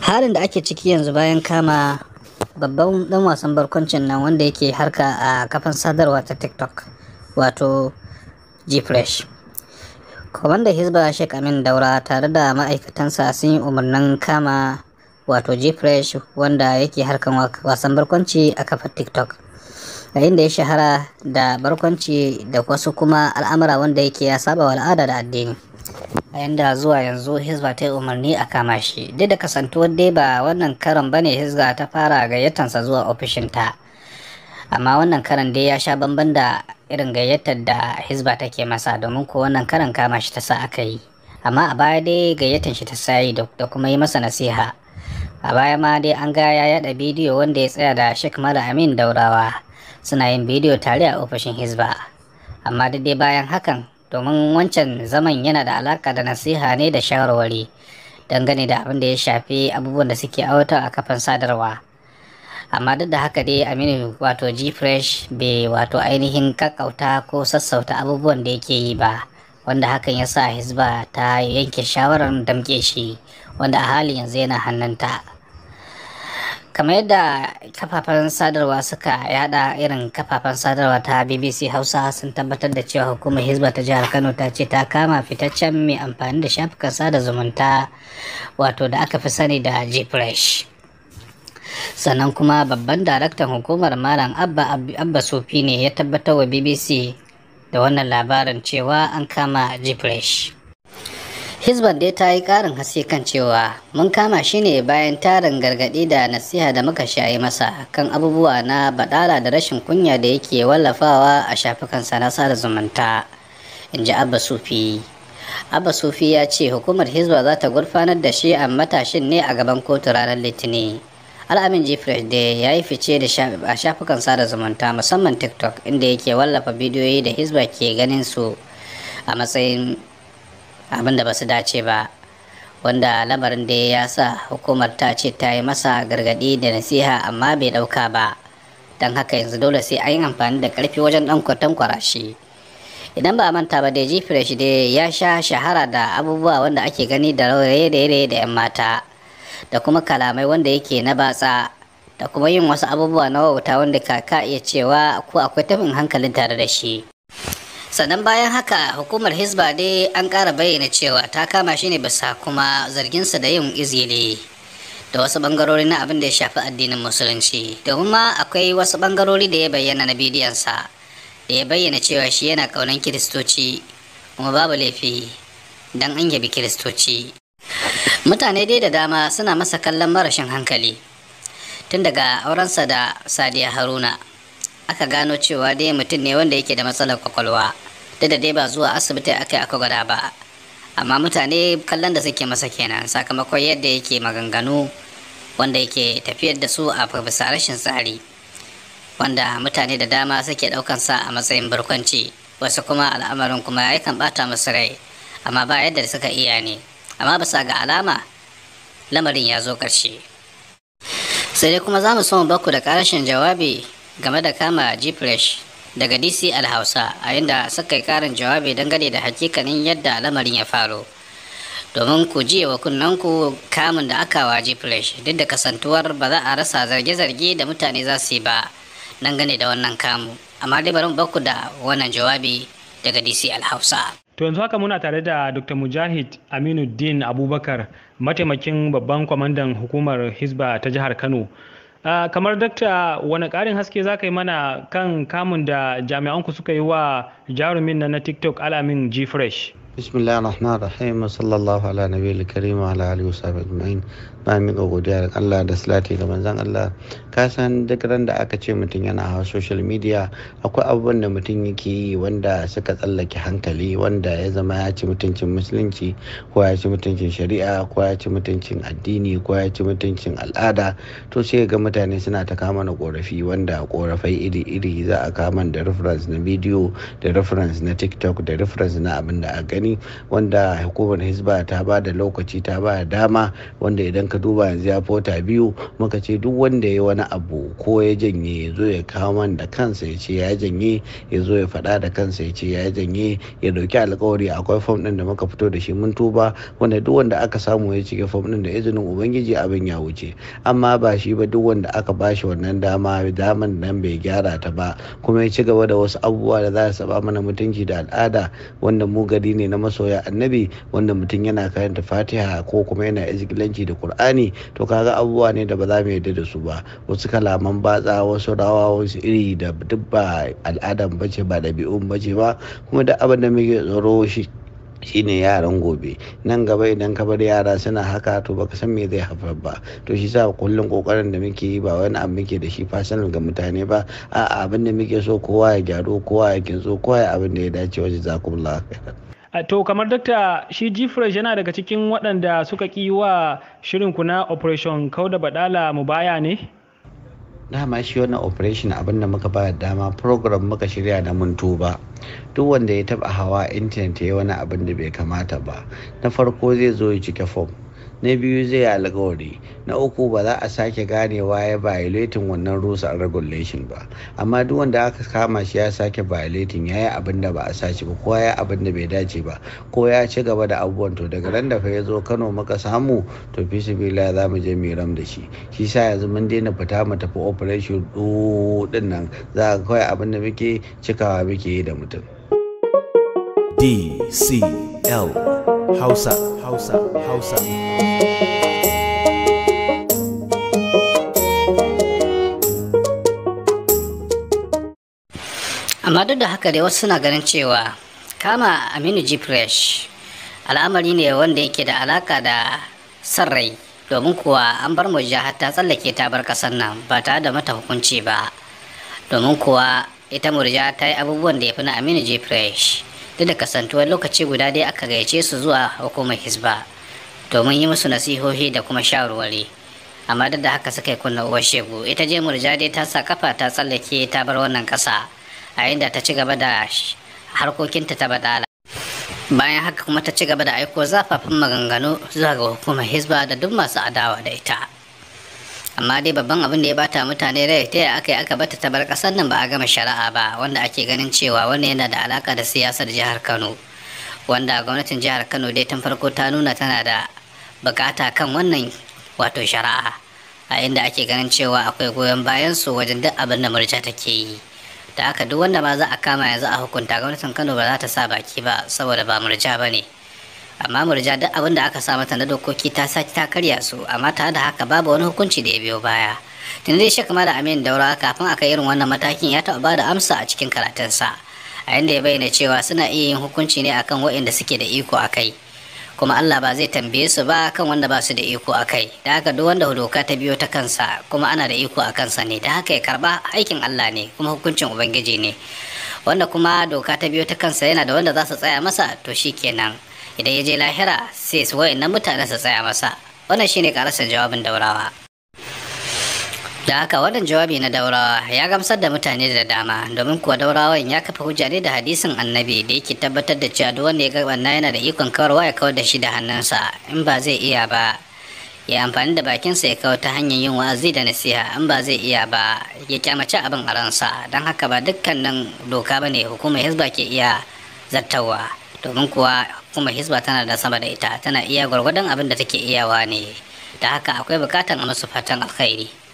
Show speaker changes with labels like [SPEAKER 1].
[SPEAKER 1] halin da ake ciki yanzu bayan kama babban dan wasan barkwancin nan wanda yake harka a kafan sadarwa ta tiktok wato gfresh kwamandan hisba sheik amin daura tare da ma'aikatansa sun yi umarnin kama wato gfresh wanda yake harkan wasan barkwanci a kafar tiktok yayin da ya shahara da barkwanci da wasu kuma al'amura wanda yake ya saba wa al'ada da addini a yanda zuwa yanzu hizba ta yi umarni a kama shi duk da kasantuwar dai ba wannan karan bane hizba ta fara gayyatansa zuwa ofishinta amma wannan karan dai ya sha bamban da irin gayyatar da hizba take masa domin ko wannan karan kama shi ta sa aka yi amma a baya dai gayyatar shi ta sa yi da kuma yi masa nasiha a baya ma dai an ga ya yada bidiyo wanda ya tsaya da shek mara Amin Daurawa suna yin bidiyo tare a ofishin Hizba. Amma dai bayan hakan domin wancan zaman yana da alaka da nasiha ne da shawarwari dangane da abin da ya shafi abubuwan da suke auta a kafan sadarwa. Amma duk da haka dai Aminu wato G-Fresh bai wato ainihin kakauta ko sassauta abubuwan da yake yi ba. wanda hakan ya sa Hisba ta yanke shawarar damke shi wanda a halin yanzu yana hannunta. kamar yadda kafafen sadarwa suka yada irin kafafen sadarwa ta bbc hausa sun tabbatar da cewa hukumar hizba ta jihar kano ta ce ta kama fitaccen mai amfani da shafukan sada zumunta wato da aka fi sani da gfresh sannan kuma babban daraktan hukumar malam abba abba sofi ne ya tabbatar wa bbc da wannan labarin cewa an kama gfresh Hizban dai ta yi karin haske kan cewa mun kama shi ne bayan tarin gargaɗi da nasiha da muka shayi masa kan abubuwa na baɗala da rashin kunya da yake wallafawa a shafukan na sada zumunta. In ji Abba Sufi. Abba Sufi ya ce hukumar Hizba za ta gurfanar da shi a matashin ne a gaban kotu ranar Litinin. al'amin jeffrey da ya yi fice da a shafukan sada zumunta musamman tiktok inda yake wallafa bidiyoyi da hizba ke ganin su a matsayin abin da ba su dace ba wanda lamarin da ya sa hukumar ta ce ta yi masa gargaɗi da nasiha amma bai ɗauka ba don haka yanzu dole sai an yi amfani da ƙarfi wajen ɗan kwatan shi idan ba a manta ba da ji shi dai ya sha shahara da abubuwa wanda ake gani da raye-raye da 'yan mata da kuma kalamai wanda yake na batsa da kuma yin wasu abubuwa na wauta wanda kaka iya cewa ko akwai tafin hankalin tare da shi sannan bayan haka hukumar hisba dai an ƙara bayyana cewa ta kama shi ne bisa kuma zarginsa da yin izini da wasu bangarori na abin da ya shafi addinin musulunci domin ma akwai wasu bangarori da ya bayyana na bidiyonsa da ya bayyana cewa shi yana kaunan kiristoci kuma babu laifi dan an yabi kiristoci mutane dai da dama suna masa kallon marashin hankali tun daga aurensa da sadiya haruna aka gano cewa dai mutum ne wanda yake da matsalar kwakwalwa da da dai ba zuwa asibiti aka aka gwada ba amma mutane kallon da suke masa kenan sakamakon yadda yake maganganu wanda yake tafiyar da su a bisa rashin tsari wanda mutane da dama suke ɗaukan sa a matsayin barkwanci wasu kuma al'amarin kuma yakan bata musu rai amma ba yadda suka iya ne amma bisa ga alama lamarin ya zo karshe sai dai kuma za mu so mu baku da ƙarashin jawabi game da kama gfresh daga dc alhausa a inda suka yi karin jawabi dangane da hakikanin yadda lamarin ya faru domin ku ji wa kunnanku kamun da aka wa gfresh duk da kasantuwar ba za a rasa zarge-zarge da mutane za su yi ba dangane da wannan kamu amma dai bari baku da wannan jawabi daga dc alhausa
[SPEAKER 2] To yanzu haka muna tare da Dr. Mujahid Aminuddin Abubakar, mataimakin babban kwamandan hukumar hisba ta jihar Kano. Uh, kamar dakta wani ƙarin haske za ka yi mana kan kamun da jami'anku suka yi wa jarumin na tiktok alamin gfresh bismillah rahman rahim sallallahu ala nabi karim ala alihi wasallam ajma'in ba mi ga Allah da salati ga manzon Allah ka san da aka ce mutum yana hawa social media akwai abubuwan da mutum yake yi wanda suka tsallake hankali wanda ya zama ya ci mutuncin musulunci ko ya ci mutuncin shari'a ko ya ci mutuncin addini ko ya ci mutuncin al'ada to sai ga mutane suna ta kama na korafi wanda korafai iri-iri za a kama da reference na bidiyo da reference na tiktok da reference na abin da a gani gani wanda hukumar hisba ta ba da lokaci ta ba dama wanda idan ka duba yanzu ya fota biyu muka ce duk wanda ya wani abu ko ya janye ya zo ya kawo man da kansa ya ce ya janye ya zo ya faɗa da kansa ya ce ya janye ya ɗauki alkawari akwai fom ɗin da muka fito da shi mun tuba wanda duk wanda aka samu ya cike fom ɗin da izinin ubangiji abin ya wuce amma ba shi ba duk wanda aka ba shi wannan dama daman nan bai gyara ta ba kuma ya ci gaba da wasu abubuwa da za su ba mana mutunci da al'ada wanda mu gari ne na na masoya annabi wanda mutum yana karanta fatiha ko kuma yana izgilanci da kur'ani to kaga abubuwa ne da ba za mu yarda da su ba wasu kalaman batsa wasu rawa wasu iri da duk ba al'adan bace ba ɗabi'un bace ba kuma da abin da muke tsoro shi ne yaran gobe nan gaba idan ka bar yara suna haka to baka san me zai haifar ba to shi sa kullum kokarin da muke yi ba wani abu muke da shi sanin ga mutane ba a abin da muke so kowa ya gyaro kowa ya kintso kowa ya abin da ya dace wajen zakumullahu to kamar dakta shi jifres yana daga cikin waɗanda suka ƙi wa shirin kuna operation kau da badala mu baya ne dama shi wannan operation abin da muka ba dama program muka shirya na muntu ba, duk wanda ya taba hawa intanet ya wani abin da bai kamata ba na farko zai zo ya cike form na biyu zai yi alkawari na uku ba za a sake ganewa ya violating wannan rules and regulation ba amma duk wanda aka kama shi ya sake violating ya yi abin da ba a sace ba ko ya abin da bai dace ba ko ya ci gaba da abubuwan to daga ran da fa ya zo kano muka samu to fi za mu je mu da shi shi sa yanzu mun daina fita mu tafi operation din nan za ka kawai abin da muke cikawa muke yi da mutum DCL Hausa, Hausa, Hausa.
[SPEAKER 1] Amma duk da haka dai wasu suna ganin cewa kama Aminu G. Fresh al'amari ne wanda yake da alaka da san rai domin kuwa an bar mu jihar ta tsallake ta bar kasar nan ba tare da mata hukunci ba domin kuwa ita murja ta yi abubuwan da ya fi na Aminu G. Fresh. duk da kasantuwar lokaci guda dai aka gayyace su zuwa hukumar hisba domin yi musu nasihohi da kuma shawarwari amma duk da haka suka yi kunna uwar shegu ita je murja dai ta sa kafa ta tsallake ta bar wannan kasa a inda ta ci gaba da harkokinta ta badala bayan haka kuma ta ci gaba da aiko zafafin maganganu zuwa ga hukumar hisba da duk masu adawa da ita amma dai babban abin da ya bata mutane rai ta yaya aka yi aka bata ta bar kasar nan ba a gama shari'a ba wanda ake ganin cewa wannan yana da alaka da siyasar jihar kano wanda gwamnatin jihar kano dai tun farko ta nuna tana da bukata kan wannan wato shari'a a inda ake ganin cewa akwai goyon bayan su wajen duk abin da murja take yi da haka duk wanda ma za a kama yanzu a hukunta gwamnatin kano ba za ta sa baki ba saboda ba murja ba ne amma murja duk abin da aka sa mata na dokoki ta saki ta karya su amma tare da haka babu wani hukunci da ya biyo baya tun dai shek da amin daura kafin aka irin wannan matakin ya taɓa bada amsa a cikin karatunsa a inda ya bayyana cewa suna iya yin hukunci ne akan waɗanda suke da iko a kai kuma Allah ba zai tambaye su ba kan wanda ba su da iko a kai da haka duk wanda doka ta biyo ta kansa kuma ana da iko a kansa ne da haka ya karba aikin Allah ne kuma hukuncin ubangiji ne wanda kuma doka ta biyo ta kansa yana da wanda za su tsaya masa to shikenan idan ya je lahira sai su nan mutanen su tsaya masa wannan shine karasa jawabin daurawa da haka wannan jawabi na daurawa ya gamsar da mutane da dama domin kuwa daurawan ya kafa hujja ne da hadisin annabi da yake tabbatar da cewa duk ya ga wannan yana da ikon kawarwa ya kawar da shi da hannunsa in ba zai iya ba ya amfani da bakinsa ya kawo ta hanyar yin wa'azi da nasiha in ba zai iya ba ya kyamaci abin a ransa don haka ba dukkanin doka ba ne hukumar hizba ke iya zattawa domin kuwa kuma hisba tana da sama da ita tana iya gwargwadon abin da take iyawa ne da haka akwai bukatan a musu fatan alkhairi